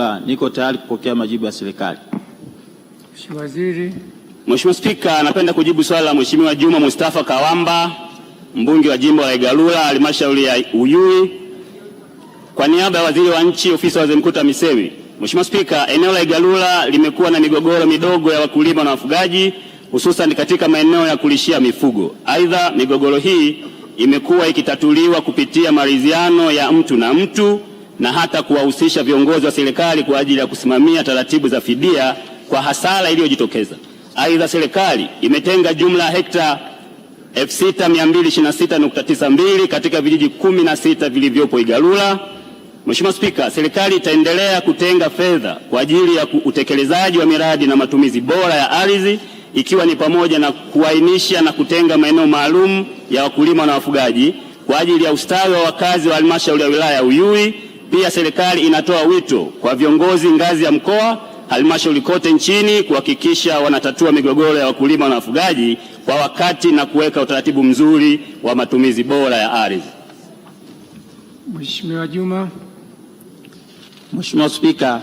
chakula, niko tayari kupokea majibu ya serikali. Mheshimiwa Waziri. Mheshimiwa Spika, napenda kujibu swali la Mheshimiwa Juma Mustafa Kawamba, mbunge wa jimbo la Igalula, halmashauri ya Uyui, kwa niaba ya waziri wa nchi, ofisi ya waziri mkuu TAMISEMI. Mheshimiwa Spika, eneo la Igalula limekuwa na migogoro midogo ya wakulima na wafugaji hususan katika maeneo ya kulishia mifugo. Aidha, migogoro hii imekuwa ikitatuliwa kupitia maridhiano ya mtu na mtu na hata kuwahusisha viongozi wa serikali kwa ajili ya kusimamia taratibu za fidia kwa hasara iliyojitokeza. Aidha, serikali imetenga jumla ya hekta 6226.92 katika vijiji 16 vilivyopo Igalula. Mheshimiwa Spika, serikali itaendelea kutenga fedha kwa ajili ya utekelezaji wa miradi na matumizi bora ya ardhi ikiwa ni pamoja na kuainisha na kutenga maeneo maalum ya wakulima na wafugaji kwa ajili ya ustawi wa wakazi wa halmashauri ya wilaya ya Uyui pia serikali inatoa wito kwa viongozi ngazi ya mkoa, halmashauri kote nchini kuhakikisha wanatatua migogoro ya wakulima na wafugaji kwa wakati na kuweka utaratibu mzuri wa matumizi bora ya ardhi. Mheshimiwa Juma. Mheshimiwa Spika,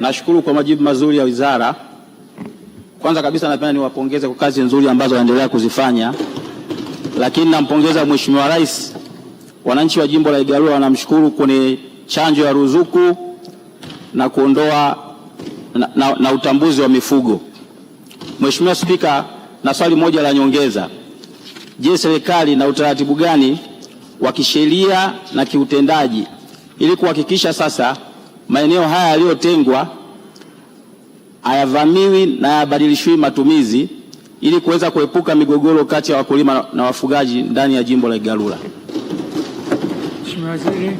nashukuru kwa majibu mazuri ya wizara. Kwanza kabisa napenda niwapongeze kwa kazi nzuri ambazo wanaendelea kuzifanya, lakini nampongeza Mheshimiwa Rais. Wananchi wa jimbo la Igalua wanamshukuru kwenye chanjo ya ruzuku na kuondoa na, na, na utambuzi wa mifugo. Mheshimiwa Spika, na swali moja la nyongeza. Je, serikali na utaratibu gani wa kisheria na kiutendaji ili kuhakikisha sasa maeneo haya yaliyotengwa hayavamiwi na hayabadilishiwi matumizi ili kuweza kuepuka migogoro kati ya wakulima na wafugaji ndani ya jimbo la Igalula? Mheshimiwa Waziri.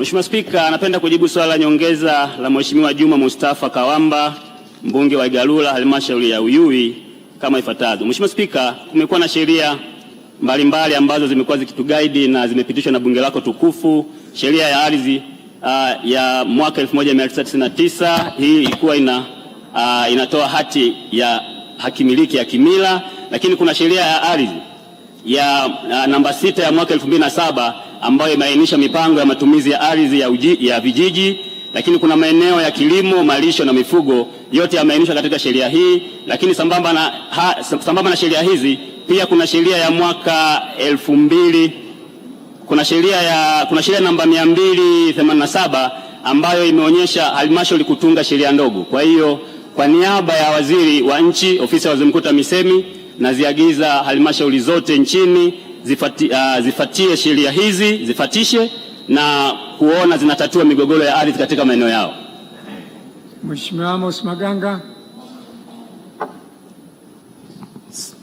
Mheshimiwa Spika, napenda kujibu swala la nyongeza la Mheshimiwa Juma Mustafa Kawamba, mbunge wa Igalula, halmashauri ya Uyui kama ifuatavyo. Mheshimiwa Spika, kumekuwa na sheria mbalimbali ambazo zimekuwa zikitugaidi na zimepitishwa na bunge lako tukufu. Sheria ya ardhi uh, ya mwaka 1999 hii ilikuwa ina, uh, inatoa hati ya hakimiliki ya kimila, lakini kuna sheria ya ardhi ya uh, namba sita ya mwaka 2007 ambayo imeainisha mipango ya matumizi ya ardhi ya, ya vijiji, lakini kuna maeneo ya kilimo, malisho na mifugo, yote yameainishwa katika sheria hii. Lakini sambamba na, ha, sambamba na sheria hizi pia kuna sheria ya mwaka elfu mbili kuna sheria ya kuna sheria namba 287 ambayo imeonyesha halmashauri kutunga sheria ndogo. Kwa hiyo kwa niaba ya waziri wa nchi, ofisi ya waziri mkuu TAMISEMI, naziagiza halmashauri zote nchini zifati, uh, zifatie sheria hizi zifatishe na kuona zinatatua migogoro ya ardhi katika maeneo yao. Mheshimiwa Amos Maganga.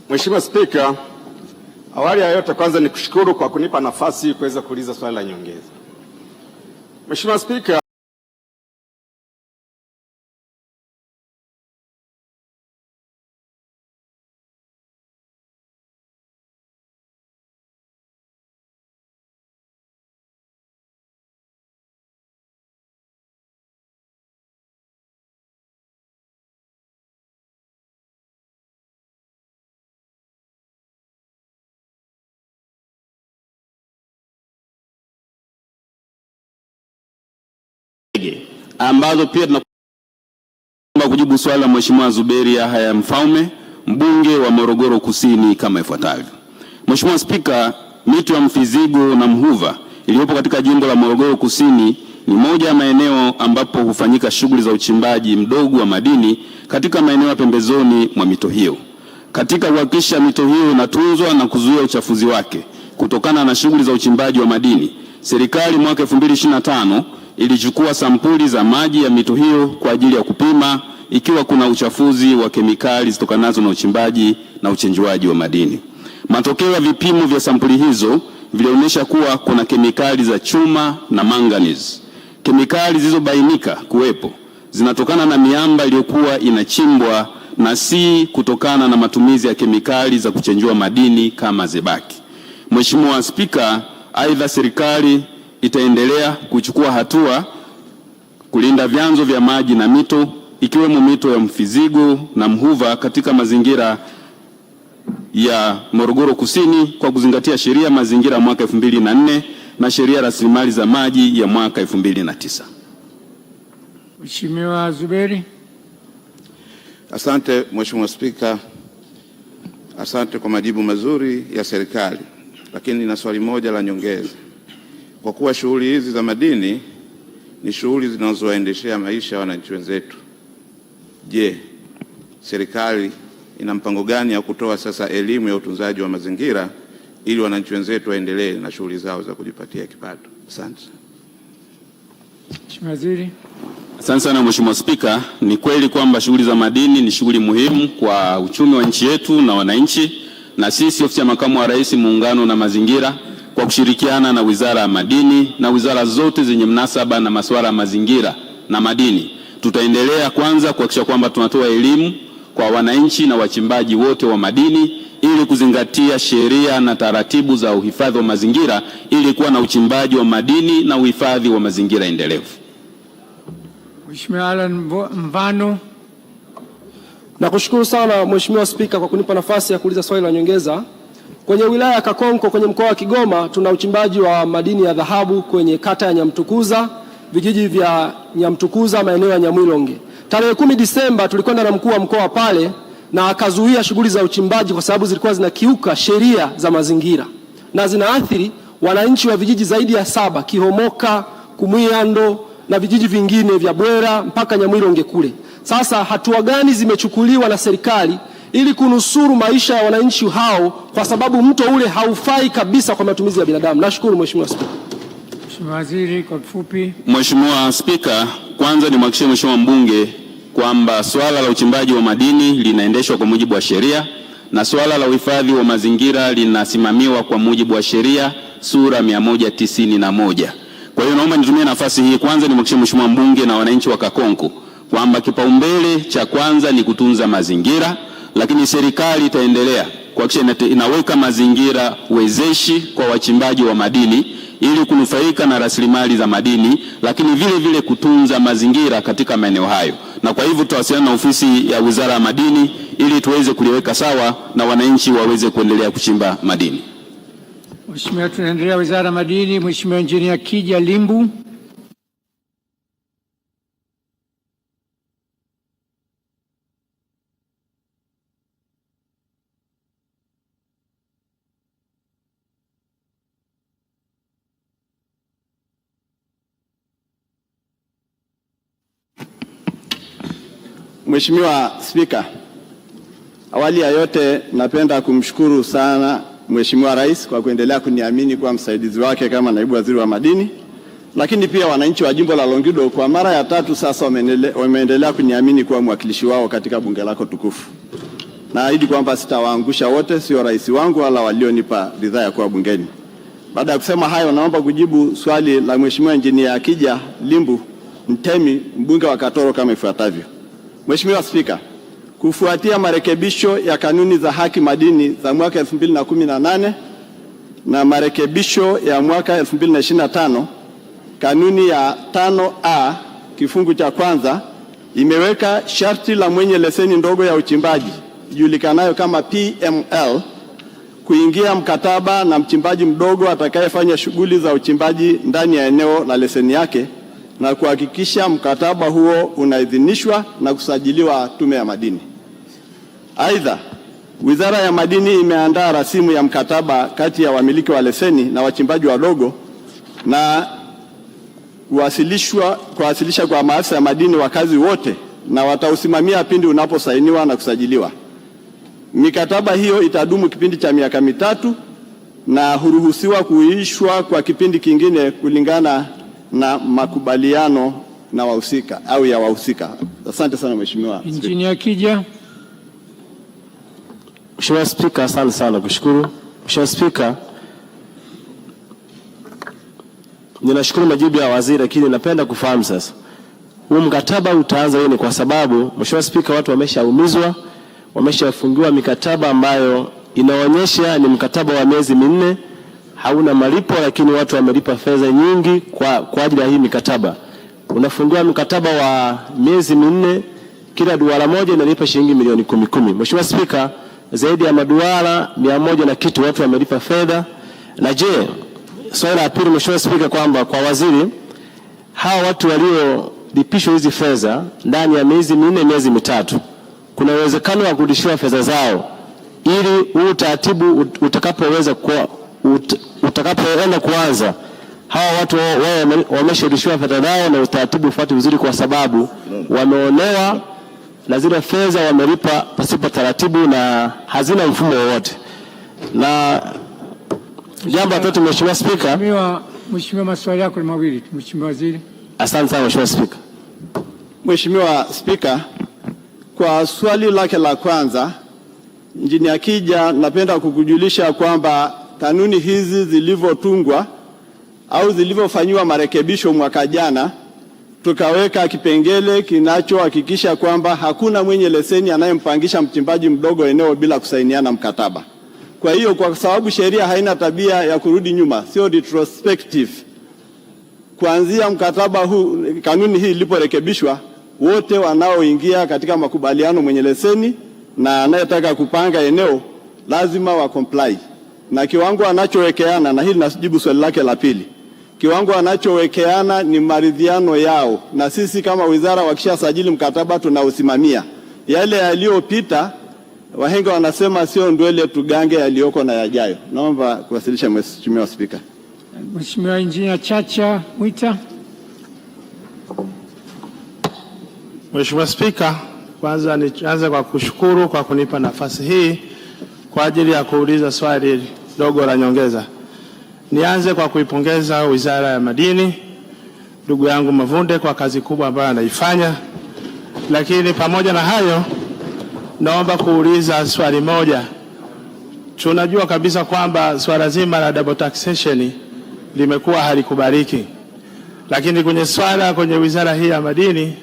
Mheshimiwa Spika, awali ya yote kwanza nikushukuru kwa kunipa nafasi kuweza kuuliza swali la nyongeza. Mheshimiwa Spika ambazo pia tunakwenda kujibu swali la Mheshimiwa Zuberi haya Mfaume, mbunge wa Morogoro Kusini, kama ifuatavyo. Mheshimiwa Spika, mito ya Mfizigo na Mhuva iliyopo katika jimbo la Morogoro Kusini ni moja ya maeneo ambapo hufanyika shughuli za uchimbaji mdogo wa madini katika maeneo ya pembezoni mwa mito hiyo. Katika kuhakikisha mito hiyo inatunzwa na kuzuia uchafuzi wake kutokana na shughuli za uchimbaji wa madini, serikali mwaka 2025 ilichukua sampuli za maji ya mito hiyo kwa ajili ya kupima ikiwa kuna uchafuzi wa kemikali zitokanazo na uchimbaji na uchenjuaji wa madini. Matokeo ya vipimo vya sampuli hizo vilionyesha kuwa kuna kemikali za chuma na manganese. Kemikali zilizobainika kuwepo zinatokana na miamba iliyokuwa inachimbwa na si kutokana na matumizi ya kemikali za kuchenjua madini kama zebaki. Mheshimiwa Spika, aidha serikali itaendelea kuchukua hatua kulinda vyanzo vya maji na mito ikiwemo mito ya Mfizigo na Mhuva katika mazingira ya Morogoro Kusini kwa kuzingatia sheria mazingira mwaka 2004 na sheria rasilimali za maji ya mwaka 2009. Mheshimiwa Zuberi. Asante Mheshimiwa Spika, asante kwa majibu mazuri ya serikali, lakini nina swali moja la nyongeza kwa kuwa shughuli hizi za madini ni shughuli zinazowaendeshea maisha ya wananchi wenzetu. Je, serikali ina mpango gani ya kutoa sasa elimu ya utunzaji wa mazingira ili wananchi wenzetu waendelee na shughuli zao za kujipatia kipato? Asante. Mheshimiwa Waziri. Asante sana Mheshimiwa Spika, ni kweli kwamba shughuli za madini ni shughuli muhimu kwa uchumi wa nchi yetu na wananchi, na sisi ofisi ya makamu wa rais, muungano na mazingira kwa kushirikiana na Wizara ya Madini na wizara zote zenye mnasaba na masuala ya mazingira na madini. Tutaendelea kwanza kuhakikisha kwamba tunatoa elimu kwa wananchi na wachimbaji wote wa madini ili kuzingatia sheria na taratibu za uhifadhi wa mazingira ili kuwa na uchimbaji wa madini na uhifadhi wa mazingira endelevu. Mheshimiwa Alan Mvano. Nakushukuru sana Mheshimiwa Spika kwa kunipa nafasi ya kuuliza swali la nyongeza. Kwenye wilaya ya Kakonko kwenye mkoa wa Kigoma tuna uchimbaji wa madini ya dhahabu kwenye kata ya Nyamtukuza, vijiji vya Nyamtukuza, maeneo ya Nyamwilonge. Tarehe kumi Disemba tulikwenda na mkuu wa mkoa pale na akazuia shughuli za uchimbaji kwa sababu zilikuwa zinakiuka sheria za mazingira na zinaathiri wananchi wa vijiji zaidi ya saba Kihomoka, Kumwiando na vijiji vingine vya Bwera mpaka Nyamwilonge kule. Sasa hatua gani zimechukuliwa na serikali ili kunusuru maisha ya wananchi hao, kwa sababu mto ule haufai kabisa kwa matumizi ya binadamu. Nashukuru Mheshimiwa Spika. Mheshimiwa Waziri, kwa kifupi. Mheshimiwa Spika, kwanza nimhakikishie Mheshimiwa mbunge kwamba swala la uchimbaji wa madini linaendeshwa kwa mujibu wa sheria na swala la uhifadhi wa mazingira linasimamiwa kwa mujibu wa sheria sura 191. Kwa hiyo naomba nitumie nafasi hii kwanza nimhakikishie Mheshimiwa mbunge na wananchi wa Kakonko kwamba kipaumbele cha kwanza ni kutunza mazingira lakini serikali itaendelea kuhakikisha inaweka mazingira wezeshi kwa wachimbaji wa madini ili kunufaika na rasilimali za madini, lakini vile vile kutunza mazingira katika maeneo hayo. Na kwa hivyo tutawasiliana na ofisi ya Wizara ya Madini ili tuweze kuliweka sawa na wananchi waweze kuendelea kuchimba madini. Mheshimiwa, tunaendelea Wizara ya Madini, Mheshimiwa Injinia Kija Limbu. Mheshimiwa Spika, awali ya yote napenda kumshukuru sana Mheshimiwa Rais kwa kuendelea kuniamini kuwa msaidizi wake kama naibu waziri wa madini, lakini pia wananchi wa jimbo la Longido kwa mara ya tatu sasa wameendelea kuniamini kuwa mwakilishi wao katika bunge lako tukufu. Naahidi kwamba sitawaangusha wote, sio rais wangu wala walionipa ridhaa ya kuwa bungeni. Baada ya kusema hayo, naomba kujibu swali la Mheshimiwa Injinia Akija Limbu Mtemi, mbunge wa Katoro kama ifuatavyo. Mheshimiwa Spika, kufuatia marekebisho ya kanuni za haki madini za mwaka 2018 na marekebisho ya mwaka 2025, kanuni ya 5A kifungu cha kwanza imeweka sharti la mwenye leseni ndogo ya uchimbaji ijulikanayo kama PML kuingia mkataba na mchimbaji mdogo atakayefanya shughuli za uchimbaji ndani ya eneo la leseni yake na kuhakikisha mkataba huo unaidhinishwa na kusajiliwa Tume ya Madini. Aidha, Wizara ya Madini imeandaa rasimu ya mkataba kati ya wamiliki wa leseni na wachimbaji wadogo na kuwasilishwa kuwasilisha kwa maafisa ya madini wakazi wote na watausimamia pindi unaposainiwa na kusajiliwa. Mikataba hiyo itadumu kipindi cha miaka mitatu na huruhusiwa kuishwa kwa kipindi kingine kulingana na makubaliano na wahusika au ya wahusika. Asante sana Mheshimiwa Injinia Kija. Mheshimiwa Spika, asante sana kushukuru. Mheshimiwa Spika, ninashukuru majibu ya waziri, lakini napenda kufahamu sasa huu mkataba utaanza lini? Kwa sababu Mheshimiwa Spika, watu wameshaumizwa, wameshafungiwa mikataba ambayo inaonyesha ni mkataba wa miezi minne hauna malipo, lakini watu wamelipa fedha nyingi kwa, kwa ajili ya hii mikataba. Unafungiwa mkataba wa miezi minne, kila duara moja inalipa shilingi milioni kumi kumi. Mheshimiwa Spika, zaidi ya maduara mia moja na kitu watu wamelipa fedha. Na je, swali la pili Mheshimiwa Spika, kwamba kwa waziri hawa watu waliolipishwa hizi fedha ndani ya miezi minne, miezi mitatu, kuna uwezekano wa kurudishiwa fedha zao ili huu utaratibu utakapoweza ut, utakapoenda kuanza hawa watu wao wameshurudishiwa fedha zao na utaratibu ufuate vizuri, kwa sababu wameonewa na zile fedha wamelipa pasipo taratibu na hazina mfumo wowote. Na jambo la tatu, Mheshimiwa Spika. Mheshimiwa, maswali yako ni mawili. Mheshimiwa Waziri. Asante sana Mheshimiwa Spika. Mheshimiwa Spika, kwa swali lake la kwanza, Injinia Kija, napenda kukujulisha kwamba kanuni hizi zilivyotungwa au zilivyofanyiwa marekebisho mwaka jana, tukaweka kipengele kinachohakikisha kwamba hakuna mwenye leseni anayempangisha mchimbaji mdogo eneo bila kusainiana mkataba. Kwa hiyo kwa sababu sheria haina tabia ya kurudi nyuma, sio retrospective, kuanzia mkataba huu, kanuni hii iliporekebishwa, wote wanaoingia katika makubaliano, mwenye leseni na anayetaka kupanga eneo lazima wa comply na kiwango anachowekeana, na hili nasijibu swali lake la pili, kiwango anachowekeana ni maridhiano yao, na sisi kama wizara wakishasajili mkataba tunausimamia. Yale yaliyopita wahenga wanasema sio ndwele tugange yaliyoko na yajayo. Naomba kuwasilisha Mheshimiwa Spika. Mheshimiwa Injinia Chacha Mwita. Mheshimiwa Spika, kwanza nianze kwa kushukuru kwa kunipa nafasi hii kwa ajili ya kuuliza swali dogo la nyongeza. Nianze kwa kuipongeza Wizara ya Madini, ndugu yangu Mavunde, kwa kazi kubwa ambayo anaifanya, lakini pamoja na hayo, naomba kuuliza swali moja. Tunajua kabisa kwamba swala zima la double taxation limekuwa halikubaliki, lakini kwenye swala kwenye wizara hii ya madini,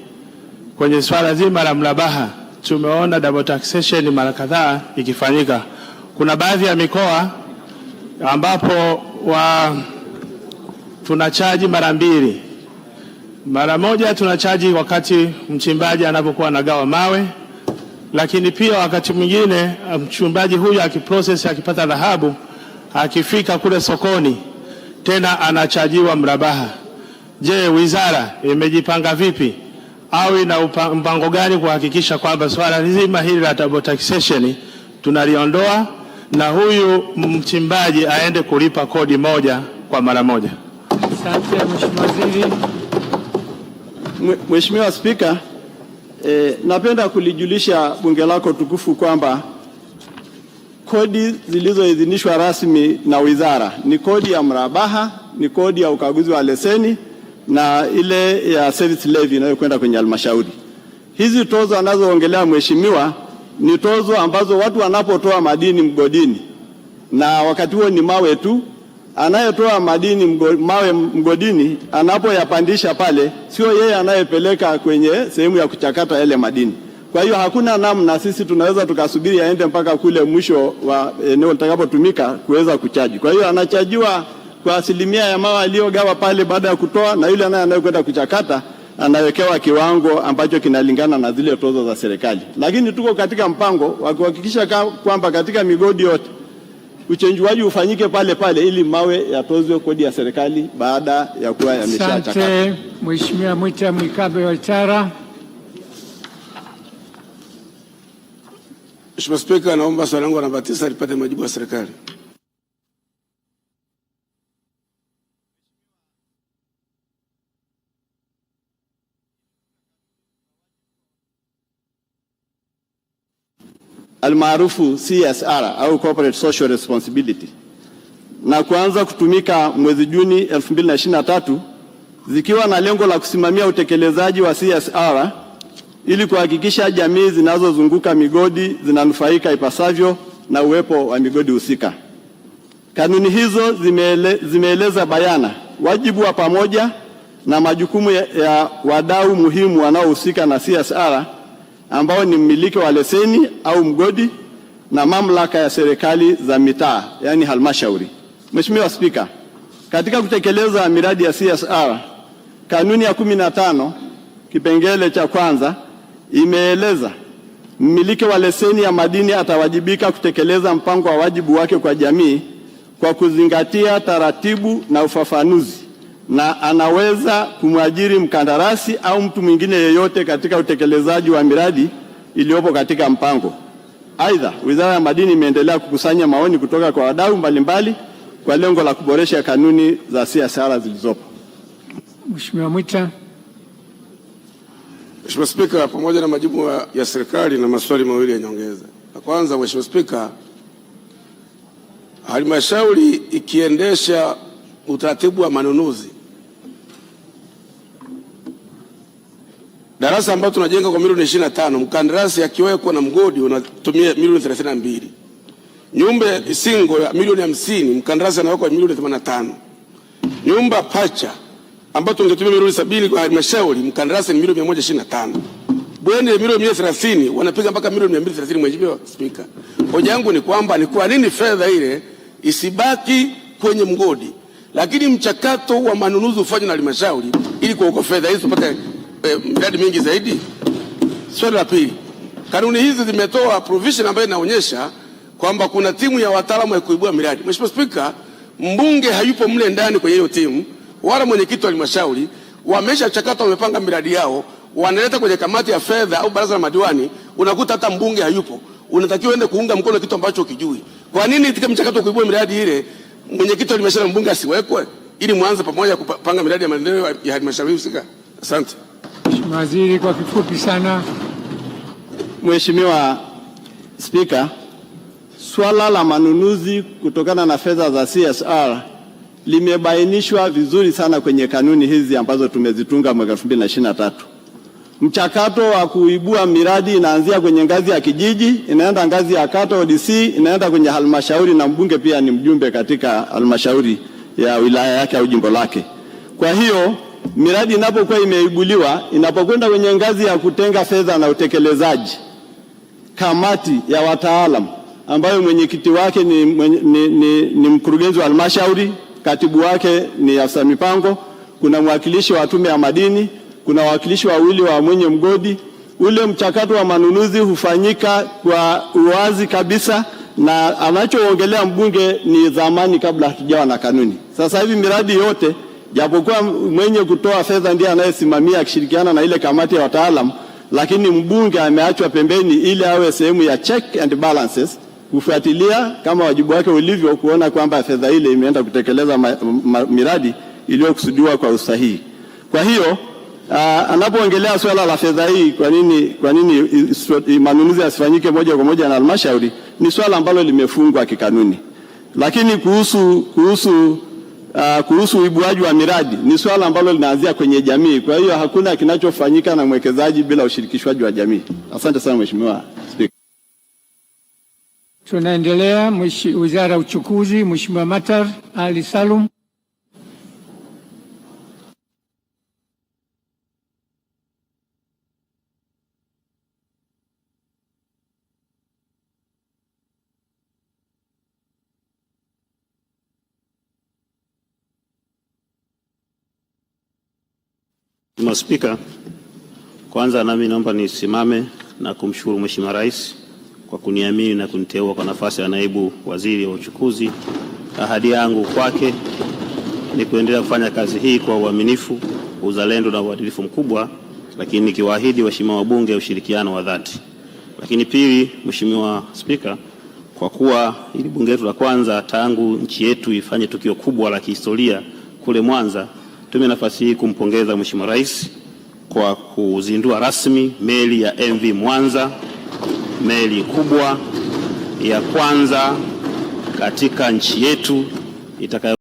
kwenye swala zima la mrabaha tumeona double taxation mara kadhaa ikifanyika kuna baadhi ya mikoa ambapo wa tunachaji mara mbili. Mara moja tunachaji wakati mchimbaji anapokuwa anagawa mawe, lakini pia wakati mwingine um, mchimbaji huyu akiprocess, akipata dhahabu, akifika kule sokoni tena anachajiwa mrabaha. Je, wizara imejipanga vipi au ina mpango gani kuhakikisha kwamba swala zima hili la taxation tunaliondoa? na huyu mchimbaji aende kulipa kodi moja kwa mara moja. Asante Mheshimiwa Waziri. Mheshimiwa Spika, eh, napenda kulijulisha bunge lako tukufu kwamba kodi zilizoidhinishwa rasmi na wizara ni kodi ya mrabaha, ni kodi ya ukaguzi wa leseni na ile ya service levy inayokwenda kwenye halmashauri. Hizi tozo anazoongelea mheshimiwa ni tozo ambazo watu wanapotoa madini mgodini, na wakati huo ni mawe tu. Anayetoa madini mgo, mawe mgodini anapoyapandisha pale, sio yeye anayepeleka kwenye sehemu ya kuchakata yale madini. Kwa hiyo hakuna namna sisi tunaweza tukasubiri aende mpaka kule mwisho wa eneo litakapotumika kuweza kuchaji. Kwa hiyo anachajiwa kwa asilimia ya mawe aliyogawa pale baada ya kutoa, na yule anaye anayekwenda kuchakata anawekewa kiwango ambacho kinalingana na zile tozo za serikali, lakini tuko katika mpango wa kuhakikisha kwamba katika migodi yote uchenjuaji ufanyike pale pale ili mawe yatozwe kodi ya serikali baada ya kuwa yameshachakata. Mheshimiwa Mwita Mwikabe Waitara. Mheshimiwa Spika, naomba swali langu namba tisa lipate majibu ya serikali. almaarufu CSR au corporate social responsibility, na kuanza kutumika mwezi Juni 2023 zikiwa na lengo la kusimamia utekelezaji wa CSR ili kuhakikisha jamii zinazozunguka migodi zinanufaika ipasavyo na uwepo wa migodi husika. Kanuni hizo zimele, zimeeleza bayana wajibu wa pamoja na majukumu ya, ya wadau muhimu wanaohusika na CSR ambao ni mmiliki wa leseni au mgodi na mamlaka ya serikali za mitaa, yaani halmashauri. Mheshimiwa Spika, katika kutekeleza miradi ya CSR, kanuni ya kumi na tano kipengele cha kwanza imeeleza mmiliki wa leseni ya madini atawajibika kutekeleza mpango wa wajibu wake kwa jamii kwa kuzingatia taratibu na ufafanuzi na anaweza kumwajiri mkandarasi au mtu mwingine yeyote katika utekelezaji wa miradi iliyopo katika mpango. Aidha, Wizara ya Madini imeendelea kukusanya maoni kutoka kwa wadau mbalimbali kwa lengo la kuboresha kanuni za siasara zilizopo. Mheshimiwa Mwita. Mheshimiwa Spika, pamoja na majibu ya serikali na maswali mawili ya nyongeza. Na kwanza, Mheshimiwa Spika, halmashauri ikiendesha utaratibu wa manunuzi Darasa ambalo tunajenga kwa milioni tano mkandarasi akiwekwa na mgodi unatumia milioni mbili Nyumba ya ya milioni hamsini mkandarasi anawekwa milioni tano Nyumba pacha ambayo tungetumia milioni 70 kwa halmashauri, mkandarasi ni milioni 125. Bweni ya milioni thelathini wanapiga mpaka milioni 230. Mheshimiwa Spika, hoja yangu ni kwamba ni kwa nini fedha ile isibaki kwenye mgodi, lakini mchakato wa manunuzi ufanywe na halmashauri ili kuokoa fedha hizo mpaka eh, miradi mingi zaidi. Swali la pili, kanuni hizi zimetoa provision ambayo inaonyesha kwamba kuna timu ya wataalamu ya kuibua miradi. Mheshimiwa Spika, mbunge hayupo mle ndani kwenye hiyo timu wala mwenyekiti wa halmashauri, wameshachakata, wamepanga miradi yao, wanaleta kwenye kamati ya fedha au baraza la madiwani, unakuta hata mbunge hayupo, unatakiwa uende kuunga mkono kitu ambacho ukijui. Kwa nini katika mchakato wa kuibua miradi ile mwenyekiti wa halmashauri mbunge asiwekwe, ili mwanze pamoja kupanga miradi ya maendeleo ya halmashauri husika? Asante. Mheshimiwa Waziri, kwa kifupi sana. Mheshimiwa Spika, swala la manunuzi kutokana na fedha za CSR limebainishwa vizuri sana kwenye kanuni hizi ambazo tumezitunga mwaka 2023. Mchakato wa kuibua miradi inaanzia kwenye ngazi ya kijiji, inaenda ngazi ya kata ODC, inaenda kwenye halmashauri na mbunge pia ni mjumbe katika halmashauri ya wilaya yake au jimbo lake. Kwa hiyo miradi inapokuwa imeibuliwa, inapokwenda kwenye ngazi ya kutenga fedha na utekelezaji, kamati ya wataalam ambayo mwenyekiti wake ni, mwenye, ni, ni, ni mkurugenzi wa halmashauri, katibu wake ni afisa mipango, kuna mwakilishi wa tume ya madini, kuna wawakilishi wawili wa mwenye mgodi. Ule mchakato wa manunuzi hufanyika kwa uwazi kabisa, na anachoongelea mbunge ni zamani kabla hatujawa na kanuni. Sasa hivi miradi yote japokuwa mwenye kutoa fedha ndiye anayesimamia akishirikiana na ile kamati ya wataalam, lakini mbunge ameachwa pembeni ili awe sehemu ya check and balances, kufuatilia kama wajibu wake ulivyo, kuona kwamba fedha ile imeenda kutekeleza ma, ma, miradi iliyokusudiwa kwa usahihi. Kwa hiyo ah, anapoongelea swala la fedha hii, kwa nini, kwa nini manunuzi yasifanyike moja kwa moja na halmashauri, ni swala ambalo limefungwa kikanuni, lakini kuhusu, kuhusu uh, kuhusu uibuaji wa miradi ni swala ambalo linaanzia kwenye jamii. Kwa hiyo hakuna kinachofanyika na mwekezaji bila ushirikishwaji wa jamii. Asante sana Mheshimiwa Spika. Tunaendelea, Wizara ya Uchukuzi, Mheshimiwa Matar Ali Salum. Mheshimiwa Spika, kwanza nami naomba nisimame na kumshukuru Mheshimiwa Rais kwa kuniamini na kuniteua kwa nafasi ya naibu waziri wa uchukuzi. Ahadi yangu kwake ni kuendelea kufanya kazi hii kwa uaminifu, uzalendo na uadilifu mkubwa, lakini nikiwaahidi waheshimiwa wabunge ushirikiano wa dhati. Lakini pili, Mheshimiwa Spika, kwa kuwa ili bunge letu la kwanza tangu nchi yetu ifanye tukio kubwa la kihistoria kule Mwanza Nitumie nafasi hii kumpongeza Mheshimiwa Rais kwa kuzindua rasmi meli ya MV Mwanza, meli kubwa ya kwanza katika nchi yetu itakayo